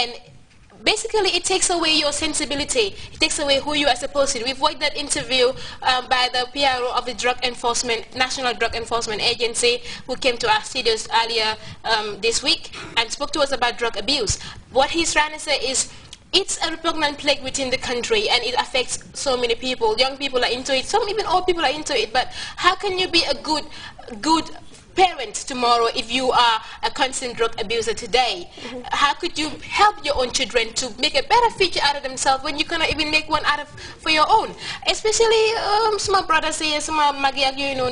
and basically it takes away your sensibility. It takes away who you are supposed to be. We've that interview um, by the PRO of the Drug Enforcement, National Drug Enforcement Agency, who came to our studios earlier um, this week and spoke to us about drug abuse. What he's trying to say is it's a repugnant plague within the country and it affects so many people. Young people are into it. Some even old people are into it. But how can you be a good, good parents tomorrow if you are a constant drug abuser today? Mm -hmm. How could you help your own children to make a better future out of themselves when you cannot even make one out of for your own? Especially um, some brothers say, some magi you know,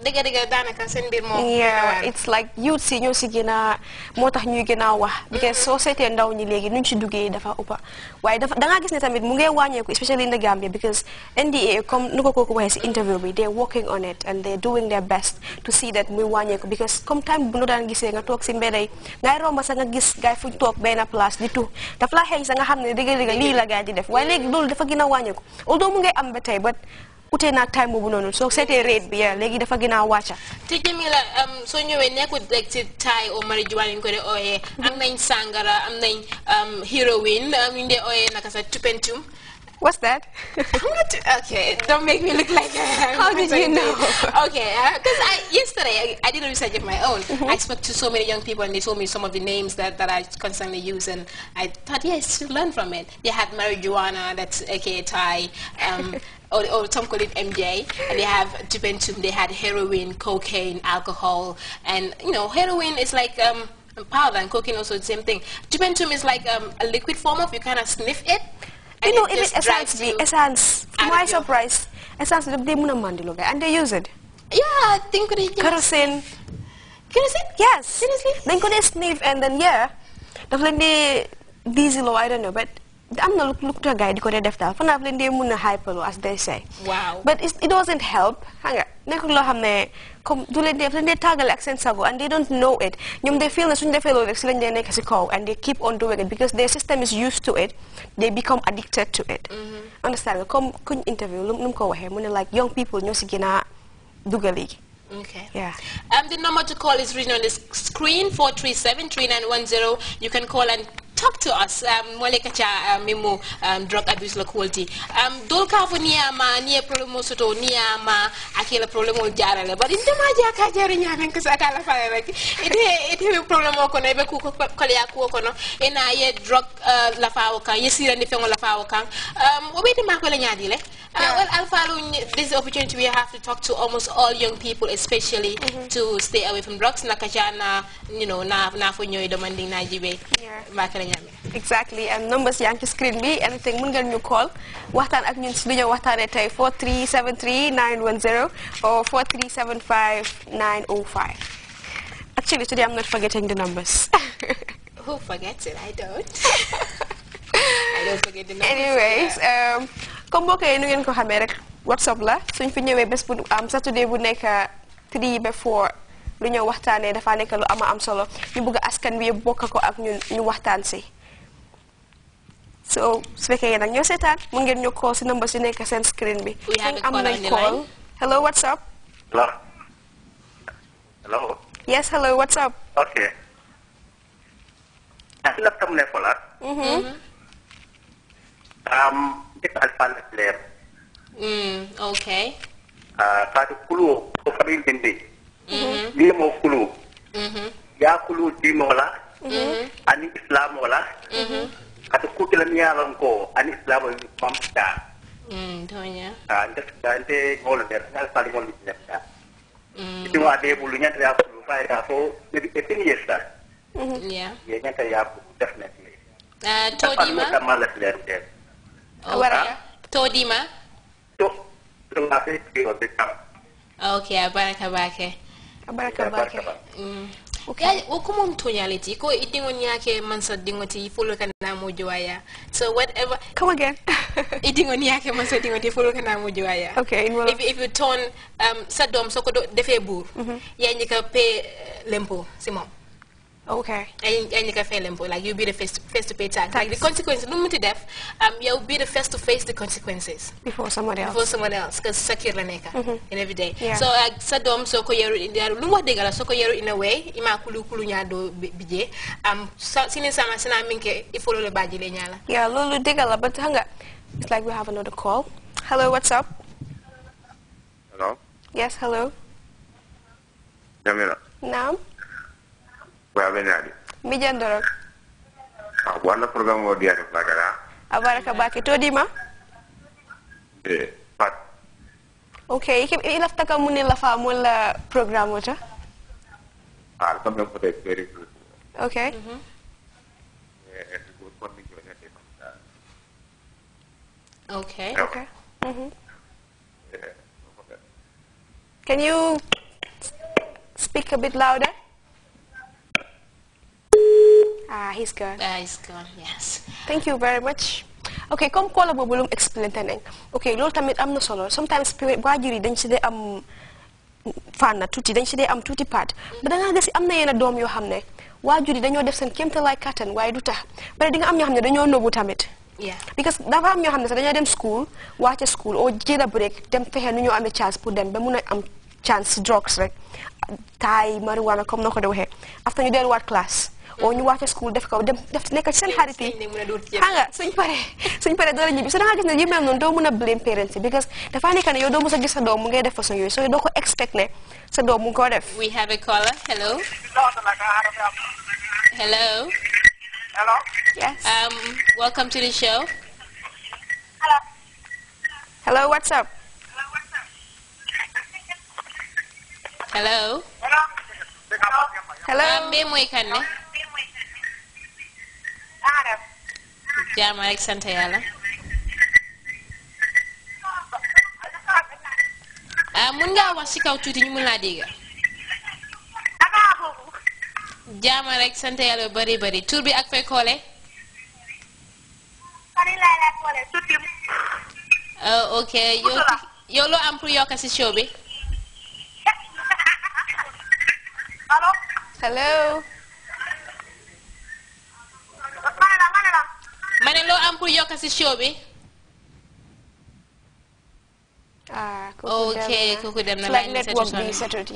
dëgg dëgg daanaka seen mbir moom. yeah it's like youth si ñoo si gën a moo tax ñuy gën a wax. because mm-hmm. soo seetee ndaw ñi léegi nuñ si duggee dafa ëpp waaye dafa da ngaa gis ne tamit mu ngi wàññeeku especially in the Gambia because NDA nu ko kooku waxee si interview bi they working on it and they doing their best to see that muy wàññeeku because comme time bu nu daan gisee nga toog si mbedd yi ngay romb sax nga gis gaay fu ñu toog benn place di tu dafa laa xëy sa nga xam ne dëgg dëgg lii la gaay di def waaye léegi loolu dafa gën a wàññeeku although mu ngi am ba tey but utee naag time boobu noonu soo seetee rate bi léegi dafa gën a wàcca te jëmi la um, soo ñëwee nekkul rek ci taay o marijuana ñu ko dee ooyee am mm-hmm. nañ sàngara am nañ um, héroïne um, ñu dee ooyee naka sa tupentum What's that? okay, don't make me look like I How did you know? okay, because uh, yesterday I, I, did a research of my own. Mm -hmm. I spoke to so many young people and they told me some of the names that, that I constantly use and I thought, yes, yeah, learn from it. They had marijuana, that's aka Thai, um, or, or some call it MJ, and they have Juventum, they had heroin, cocaine, alcohol, and, you know, heroin is like... Um, powder and cocaine also the same thing. Juventum is like um, a liquid form of, you kind of sniff it, you know, it is Essence, Essence, to my surprise, Essence, they muna mandilo guy, and they use it. Yeah, I think they just... Kerosene. Kerosene? Yes. Seriously? Then could they sniff and then, yeah, definitely diesel I don't know, but i am not look to guide ko dee def daal fanaaf leen I'm not hyper, as they say. Wow. but it doesn't help xam nga nekkul loo xam ne comme du leen dee daf leen dee tàggale and they don't know it ñoom they feel ne suñu defee loolu rek si lañ dee nekk si and they keep on doing it because their system is used to it they become addicted to it. Mm-hmm. understand nga comme interview lu mu ko waxee mu ne like young people ñoo si gën a dugal léegi. Okay. Yeah. Um, the number to call is written on the screen, 437-3910. You can call and talk to us. Um, wale kacha um, mimo um, drug abuse locality. Um, dolka fu niya ma, niya problemo soto, niya ma, akela problemo jarale. But inte ma ja ka jari nyamen kasi akala fale rek. Ite, ite mi problemo kono, ibe kuko kole ya kuko kono. Ena ye drug uh, lafawo kan, ye sirani fengo lafawo kan. Um, obete ma kwele nyadile. Uh, well, Alfalun, this is the opportunity we have to talk to almost all young people, especially mm -hmm. to stay away from drugs. Nakajana, you know, na na for demanding na jibe. Exactly. And numbers yanki screen me anything Mungal ngeen call. Waxtaan ak ñun ci lu ñu waxtaane 4373910 or 4375905. Actually, today I'm not forgetting the numbers. Who forgets it? I don't. I don't forget the numbers. Anyways, yeah. um, comme mbokk yi nu ngeen ko xamé rek WhatsApp la suñ fi ñëwé bës bu am um, saturday bu nekk 3 ba 4 lu ñëw waxtané dafa nekk lu ama am solo ñu bëgg askan wi yëpp bokk ko ak ñun ñu waxtaan ci so su fekkee nag ñoo seetaan mu ngeen ñu ko ci number ci nekk seen screen bi. am nañ call hello whatsapp hello. hello. yes hello whatsapp okay ok. ndax la tam ne ko la. 재판을 내요. 음, okay. 아, 다들 꿀로 소파를 낸대. 니모 꿀로. 야 꿀로 디모라. 아니 이슬람오라. 아주 꾸길은 야란 거 아니 이슬람을 맘다. 음, 더냐. 아, 이제 나한테 뭘 내가 할 빨리 뭘 내가. itu ada bulunya dari aku lupa ya aku mm-hmm. mm-hmm. mm, ah, mm. jadi etin yes lah mm-hmm. iya iya nya dari aku definitely eh ah, todi ma malas dari waraka oh, ah. toɗima ok a baraka bake a baraka bake yaji wo komom toñaliti ko i ɗiŋol ñaake mansa ɗiŋoti folo kana mo jowaya so whatever come again i ɗiŋol ñaake mansa ɗiŋoti folo kana mo jowaya okay if, if you turn um, sa dom soko defee buur mm -hmm. yañi ka si mom Okay. And, and you can fail employee. Like you'll be the first to, face to pay tax. Like the consequences, no matter death, um, you'll be the first to face the consequences. Before someone else. Before someone else. Because secure mm -hmm. in every day. Yeah. So uh, sadom soko yero lumwa degala so yero in a way ima kulu kulu nyado bije. Um, so, sini sama sina minke ifolo le baji le nyala. Yeah, lulu degala, but hanga. It's like we have another call. Hello, what's up? Hello. Yes, hello. Jamila. Now. babe nadi mi jandorok a ah, wala programme o diyata bagara a baraka baki to dima e pat ok i lafta kam muni lafa molla programme ota a kam ɗon peut être very good ok mm Okay. Okay. Mm -hmm. Can you speak a bit louder? ah he's gone. ah he's gone yes. thank you very much. ok comme koola boobu lu mu explain te nekk ok loolu tamit am na solo sometimes waajur yi dañ si dee am fànna tuuti dañ si dee am tuuti part ba da ngaa gis am na yenn doom yoo xam ne waajur yi dañoo def seen kéemtalaay kattan waaye du tax pare di nga am ñoo xam ne dañoo nëbbu tamit. because dafa am ñoo xam ne sax dañoo dem school wàcce school oo jël a break dem fexe nu ñoo amee chance pour dem ba mun a am chance si drugs rek taay marijuana comme noo ko de waxee after ñu waat classe. oo ñu wàcce school def ko dem def nekk ci seen xarit yi xam nga suñ paree suñ paree doo la ñibbi so da nga gis ne yu mel noonu doo mën blame parents yi because dafaa nekk ne yow doo mës a gis sa doom mu ngay def façon kan, yooyu so doo ko expect ne sa doom mu ko def we have a caller hello ya. hello hello yes um welcome to the show hello hello what's up hello hello, hello. Um, jaama rek sant yàlla ah mun ngaa wax si kaw tuuti ñu mun laa dégg jaama rek sant yàlla bari bari tur bi ak fay koole oh, ok yow yow loo am pour yokk si show bi hello am ku yokk si show bi. ah kooku dem na ok kooku dem na line network bi setut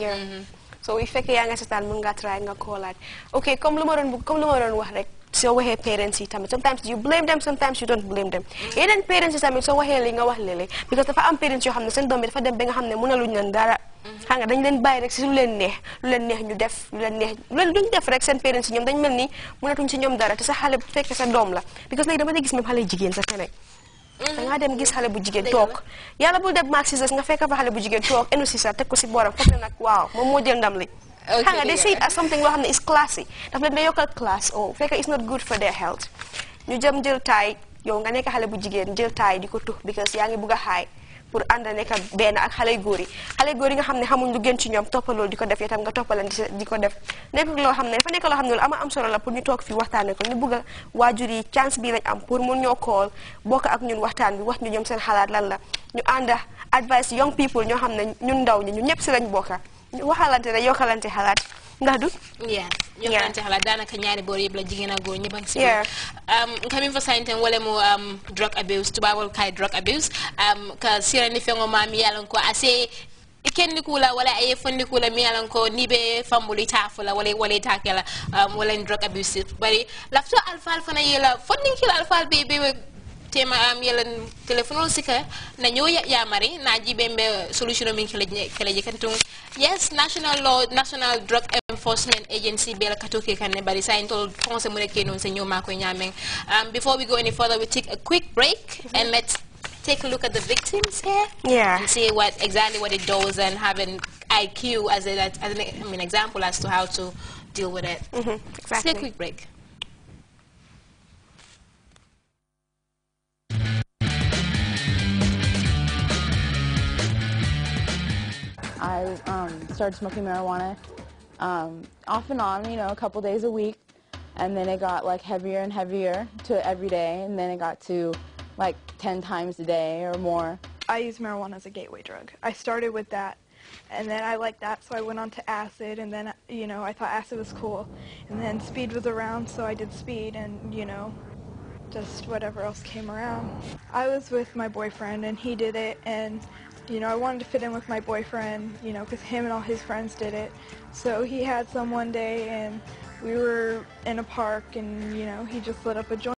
so bu fekkee yaa ngi seetaan mun ngaa try nga koolaat ok comme lu ma doon comme lu ma doon wax rek. soo waxee parents yi tamit sometimes you blame them sometimes you don't blame them yeneen mm. parents yi tamit soo waxee li nga wax léeg because dafa am parents yoo xam ne seen doom bi dafa dem ba nga xam ne mënaluñ leen dara. xam nga dañ leen bay rek ci lu leen neex lu leen neex ñu def lu leen neex lu leen duñ def rek seen parents ñom dañ melni ni mënatuñ ci ñom dara te sa xalé bu sa dom la because léegi dama lay gis même jigen sa sax da nga dem gis xalé bu jigen tok yalla bu def maag nga fekk fa xalé bu jigen tok enu si sa tek ko ci booram fa ne nak waaw moom mo jël ndam li xam nga they see as something lo xamne is classy daf leen day yokal class oh fekk is not good for their health ñu jëm jël tay yow nga nek xalé bu jigen jël tay diko tuh because yaangi ngi bugg pour ànd nekk benn ak xale góor yi xale góor nga xam ne xamuñ lu gën ci ñoom toppaloolu di ko def itam nga toppalan di ko def nekk loo xam ne dafa nekk loo xam ne am solo la pour ñu toog fii waxtaane ko ñu bëgg a waajur yi chance bii lañ am pour mun ñoo kool bokk ak ñun waxtaan bi wax ñu ñoom seen xalaat lan la ñu ànd advice young people ñoo xam ne ñu ndaw ñi ñun ñëpp si lañ bokka waxalante ne yokkalante xalaat ndax du yeah ñoo xamante xala daanaka ñaari boor yëpp la jigéen a góor ñëpp a ngi si kamin um, fa sañten wala mu um, drug abuse tubaabal kay drug abuse um, ka sirani fengo maam yalan ko assez kendikula wala aye la mi yalan ko ni be fambuli tafula wala wala takela um, wala drug abuse bari lafto alfal fana yela fondinkila alfal be be tema am yela telefono sika na nyo ya mari na jibembe solution min kele kele yekantung national law national drug enforcement agency bela katuke bari sa intol non se ko um before we go any further we take a quick break mm -hmm. and let's take a look at the victims here yeah and see what exactly what it does and have an IQ as, a, as an, I mean, example as to how to deal with it mm -hmm. exactly. take a quick break I um, started smoking marijuana um, off and on, you know, a couple days a week. And then it got like heavier and heavier to every day. And then it got to like 10 times a day or more. I use marijuana as a gateway drug. I started with that and then I liked that, so I went on to acid, and then, you know, I thought acid was cool. And then speed was around, so I did speed, and, you know, just whatever else came around. I was with my boyfriend, and he did it, and you know, I wanted to fit in with my boyfriend, you know, because him and all his friends did it. So he had some one day, and we were in a park, and, you know, he just lit up a joint.